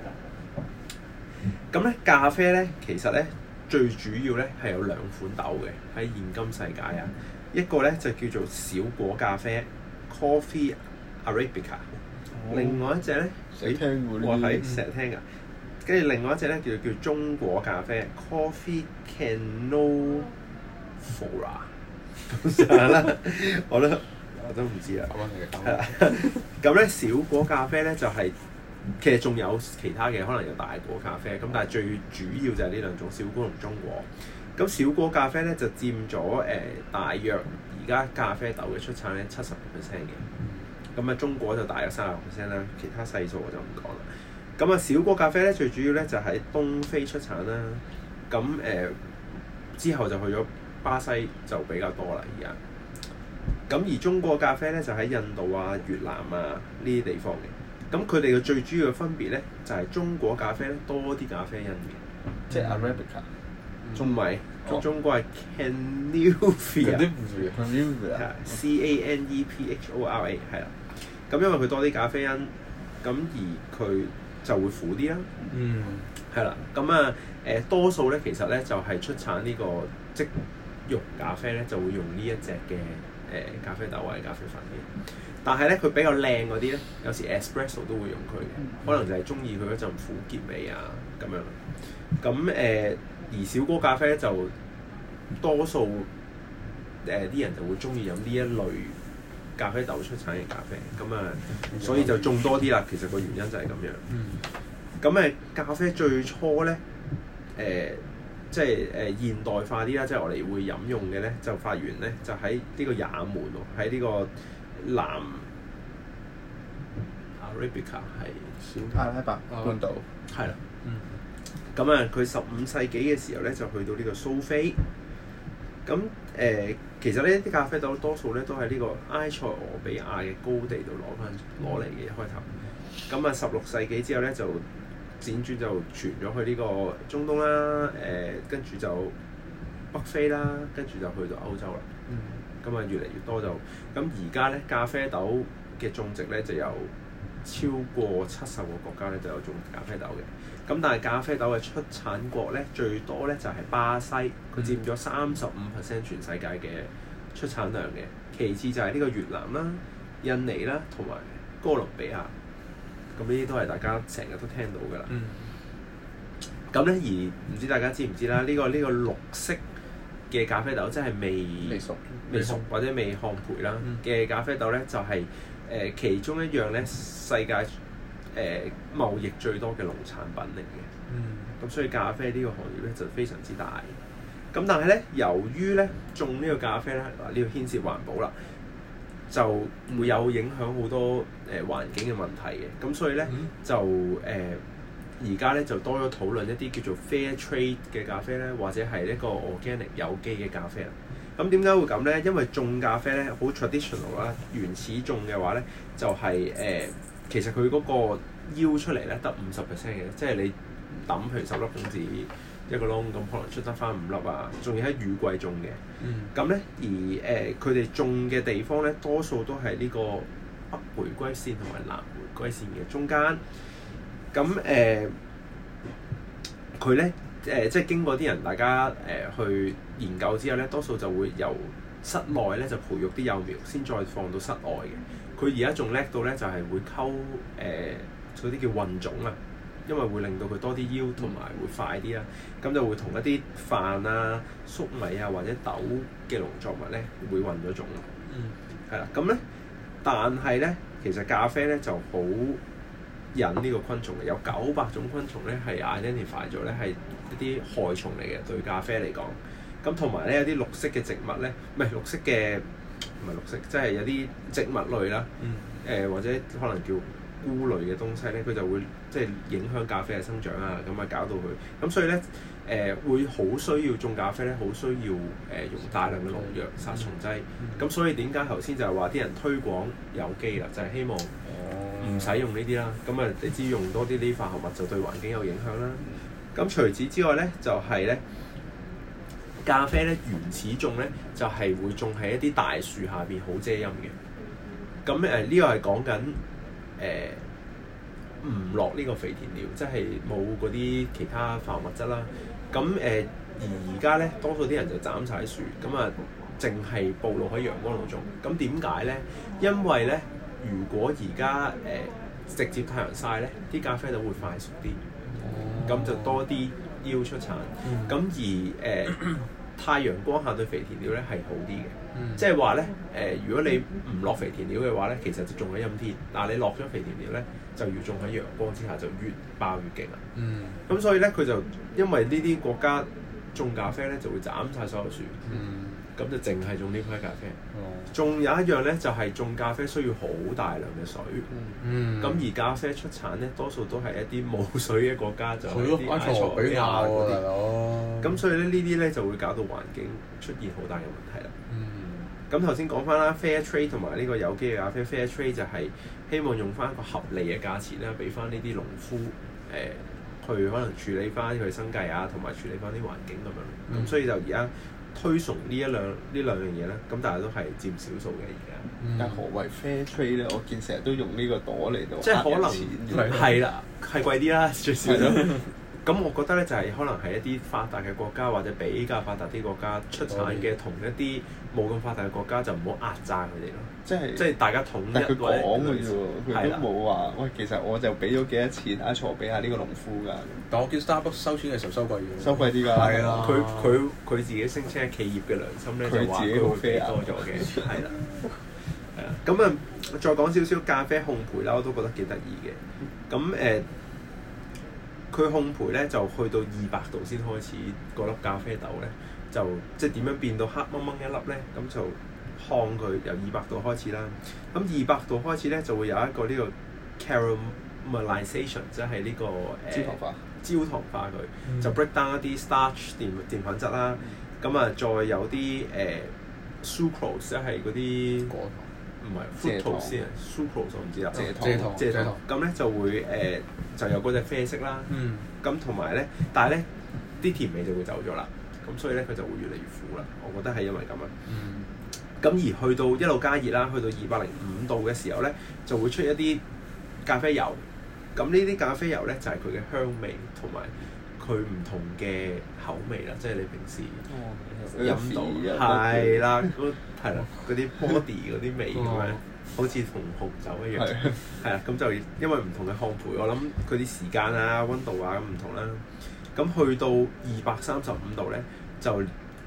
咁咧，咖啡咧，其實咧最主要咧係有兩款豆嘅喺現今世界啊，一個咧就叫做小果咖啡 （Coffee Arabica）。另外一隻咧，嗯欸、我喺成日聽噶、啊，跟住另外一隻咧叫叫中果咖啡，Coffee Canephora，f 都算啦，我都我都唔知啊。咁 咧小果咖啡咧就係、是，其實仲有其他嘅，可能有大果咖啡，咁但係最主要就係呢兩種小果同中果。咁小果咖啡咧就佔咗誒、呃、大約而家咖啡豆嘅出產咧七十 percent 嘅。咁啊，中果就大約三十個 percent 啦，其他細數我就唔講啦。咁啊，小果咖啡咧，最主要咧就喺、是、東非出產啦。咁誒、呃、之後就去咗巴西就比較多啦。而家咁而中果咖啡咧就喺印度啊、越南啊呢啲地方嘅。咁佢哋嘅最主要嘅分別咧就係、是、中果咖啡咧多啲咖啡因嘅，即係 Arabica。仲唔係？哦、中果係 Canephora。全部叫 Canephora。C a n e p h o r a 係啦。咁因為佢多啲咖啡因，咁而佢就會苦啲啦。嗯，係啦。咁啊，誒、呃、多數咧，其實咧就係、是、出產呢、這個即溶咖啡咧，就會用呢一隻嘅誒咖啡豆或者咖啡粉嘅。但係咧，佢比較靚嗰啲咧，有時 espresso 都會用佢，嗯、可能就係鍾意佢一陣苦澀味啊咁樣。咁誒、呃，而小哥咖啡咧就多數誒啲人就會鍾意飲呢一類。咖啡豆出產嘅咖啡，咁啊，所以就種多啲啦。其實個原因就係咁樣。咁啊、嗯，咖啡最初咧，誒、呃，即係誒、呃、現代化啲啦，即係我哋會飲用嘅咧，就發源咧，就喺呢個也門喎，喺呢個南 Arabica 係阿拉伯半島，係啦。嗯。咁啊的，佢十五世紀嘅時候咧，就去到呢個蘇菲。咁誒、呃，其實呢啲咖啡豆多數咧都喺呢個埃塞俄比亞嘅高地度攞翻攞嚟嘅。一開頭，咁啊十六世紀之後咧就輾轉就傳咗去呢個中東啦，誒、呃，跟住就北非啦，跟住就去到歐洲啦。咁啊、嗯、越嚟越多就，咁而家咧咖啡豆嘅種植咧就有超過七十個國家咧就有種咖啡豆嘅。咁但係咖啡豆嘅出產國咧，最多咧就係巴西，佢佔咗三十五%全世界嘅出產量嘅。其次就係呢個越南啦、印尼啦同埋哥倫比亞。咁呢啲都係大家成日都聽到㗎啦。咁咧、嗯，而唔知大家知唔知啦？呢、呢個呢、呢個綠色嘅咖啡豆，即係未熟、未熟或者未烘焙啦嘅、嗯、咖啡豆咧，就係、是、誒、呃、其中一樣咧世界，誒、呃、貿易最多嘅農產品嚟嘅，咁、嗯、所以咖啡呢個行業咧就非常之大。咁但係咧，由於咧種呢個咖啡咧，呢、呢個牽涉環保啦，就會有影響好多誒、呃、環境嘅問題嘅。咁所以咧就誒而家咧就多咗討論一啲叫做 fair trade 嘅咖啡咧，或者係一個 organic 有機嘅咖啡啦。咁點解會咁咧？因為種咖啡咧好 traditional 啦，traditional，原始種嘅話咧就係、是、誒。呃。其實佢嗰個腰出嚟咧得五十 percent 嘅，即係你揼譬如十粒種子一個窿，咁可能出得翻五粒啊，仲要喺雨季種嘅。咁咧、嗯，而誒佢哋種嘅地方咧，多數都係呢個北迴歸線同埋南迴歸線嘅中間。咁誒，佢咧誒即係經過啲人大家誒、呃、去研究之後咧，多數就會由室內咧就培育啲幼苗，先再放到室外嘅。佢而家仲叻到咧，就係會溝誒嗰啲叫混種啊，因為會令到佢多啲 yield 同埋會快啲啊。咁就會同一啲飯啊、粟米啊或者豆嘅農作物咧，會混咗種啊。嗯，係啦。咁咧，但係咧，其實咖啡咧就好引呢個昆蟲嘅，有九百種昆蟲咧係 identify 咗咧係一啲害蟲嚟嘅，對咖啡嚟講。咁同埋咧，有啲綠色嘅植物咧，唔係綠色嘅。唔係綠色，即係有啲植物類啦，誒、嗯呃、或者可能叫菇類嘅東西咧，佢就會即係影響咖啡嘅生長啊，咁啊搞到佢，咁所以咧誒、呃、會好需要種咖啡咧，好需要誒、呃、用大量嘅農藥殺蟲劑，咁、嗯、所以點解頭先就係話啲人推廣有機啦，就係、是、希望唔使用呢啲啦，咁啊、嗯、你知用多啲呢化合物就對環境有影響啦，咁、嗯、除此之外咧就係、是、咧。咖啡咧原始種咧就係、是、會種喺一啲大樹下邊好遮陰嘅。咁誒呢個係講緊誒唔落呢個肥田料，即係冇嗰啲其他化學物質啦。咁誒、呃、而而家咧多數啲人就斬晒樹，咁啊淨係暴露喺陽光度種。咁點解咧？因為咧，如果而家誒直接太陽晒咧，啲咖啡就會快熟啲，咁就多啲。要出產，咁、嗯、而誒、呃、太陽光下對肥田料咧係好啲嘅，即係話咧誒，如果你唔落肥田料嘅話咧，其實就種喺陰天，嗱你落咗肥田料咧，就越種喺陽光之下就越爆越勁啊！咁、嗯、所以咧，佢就因為呢啲國家種咖啡咧，就會斬晒所有樹。嗯。咁就淨係種呢批咖啡，仲、嗯、有一樣咧就係、是、種咖啡需要好大量嘅水。嗯，咁而咖啡出產咧多數都係一啲冇水嘅國家， 就係啲埃塞俄比亞啲。咁 所以咧呢啲咧就會搞到環境出現好大嘅問題啦。嗯，咁頭先講翻啦，Fair Trade 同埋呢個有機嘅咖啡，Fair Trade 就係希望用翻一個合理嘅價錢啦，俾翻呢啲農夫誒、呃、去可能處理翻佢生計啊，同埋處理翻啲環境咁樣。咁、嗯、所以就而家，推崇呢一兩兩呢兩樣嘢咧，咁但係都係佔少數嘅而家。嗯、但何為 fair trade 咧？我見成日都用呢個袋嚟到，即係可能係啦，係貴啲啦，最少都。咁我覺得咧，就係可能係一啲發達嘅國家，或者比較發達啲國家出產嘅同一啲。冇咁發達嘅國家就唔好壓榨佢哋咯，即係即係大家統一但。但佢講嘅啫喎，佢都冇話喂，其實我就俾咗幾多錢啊？錯，我俾下呢個農夫㗎。但我叫 Starbucks 收錢嘅時候，收貴咗。收貴啲㗎。係啦，佢佢佢自己聲稱係企業嘅良心咧，自己會俾多咗嘅。係啦，係啊。咁啊，再講少少咖啡烘焙啦，我都覺得幾得意嘅。咁誒，佢、呃、烘焙咧就去到二百度先開始嗰粒、那個、咖啡豆咧。就即係點樣變到黑掹掹、嗯、一粒咧？咁、like、就烘佢由二百度開始啦。咁二百度開始咧，就會有一個呢個 caramelization 即係呢個焦糖化焦糖化佢就 break down 一啲 starch 澱澱粉質啦。咁啊、ah，再有啲誒 sucrose 即係嗰啲果糖唔係蔗糖先啊，sucrose 我唔知啦，蔗糖蔗糖咁咧就會誒就有嗰隻啡色啦。咁同埋咧，但係咧啲甜味就會走咗啦。咁所以咧，佢就會越嚟越苦啦。我覺得係因為咁樣。嗯。咁而去到一路加熱啦，去到二百零五度嘅時候咧，就會出一啲咖啡油。咁呢啲咖啡油咧，就係佢嘅香味同埋佢唔同嘅口味啦。即係你平時飲到，係、哦、啦，嗰係、啊、啦，嗰啲 body 嗰啲味咁樣、哦，好似同紅酒一樣。係啊、哦。係咁就因為唔同嘅烘焙，我諗佢啲時間啊、温度啊咁唔同啦。咁去到二百三十五度咧。就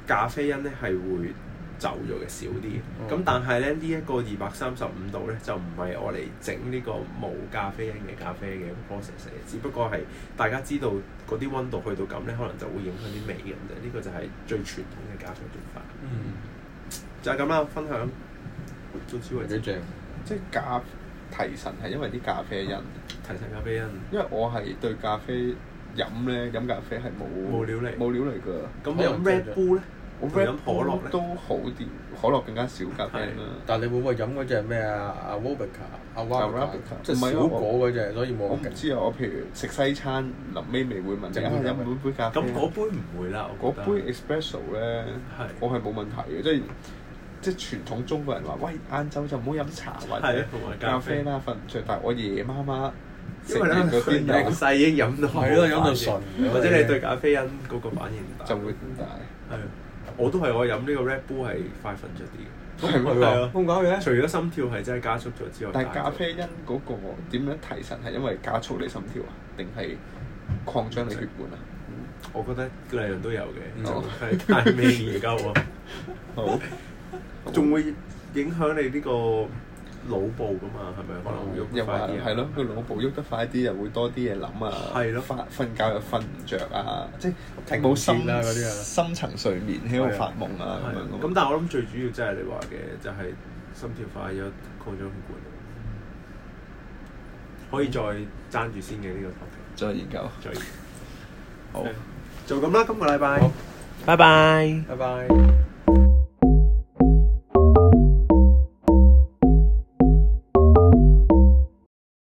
咖啡因咧係會走咗嘅少啲，咁、嗯、但係咧呢一個二百三十五度咧，就唔係我嚟整呢個冇咖啡因嘅咖啡嘅 process 嘅，只不過係大家知道嗰啲温度去到咁咧，可能就會影響啲味嘅咁啫。呢個就係最傳統嘅咖啡做法。嗯，就係咁啦，分享。最正。最正。即係咖提神係因為啲咖啡因。提神咖啡因。因為我係對咖啡。飲咧飲咖啡係冇冇料嚟，冇料嚟㗎。咁你飲 Red Bull 咧？我飲可樂咧，都好啲，可樂更加少咖啡啦。但係你會唔會飲嗰隻咩啊？啊，Arabica，啊，Vodka，即係水果嗰隻，所以冇。我唔知啊，我譬如食西餐臨尾未會問飲唔飲？咁嗰杯唔會啦，嗰杯 Espresso 咧，我係冇問題嘅，即係即係傳統中國人話：，喂，晏晝就唔好飲茶或者咖啡啦，瞓唔著。但係我夜媽媽。因為咧，佢個量細，已經飲到，或者你對咖啡因嗰個反應唔大，就會唔大。係，我都係我飲呢個 Red Bull 係快瞓著啲嘅。係唔係啊？點解嘅？除咗心跳係真係加速咗之外，但係咖啡因嗰個點樣提神係因為加速你心跳啊，定係擴張你血管啊的、嗯？我覺得兩樣都有嘅。哦、嗯，係、啊，係未研究啊。好，仲會影響你呢、這個。腦部㗎嘛，係咪啊？可能喐又話係咯，佢腦部喐得快啲，又會多啲嘢諗啊。係咯。瞓瞓覺又瞓唔著啊！即係停冇線啦嗰啲啊。深層睡眠喺度發夢啊咁樣。咁但係我諗最主要即係你話嘅，就係心跳快咗擴張血管，可以再爭住先嘅呢個 topic。再研究。再。好。就咁啦，今個禮拜。好。拜拜。拜拜。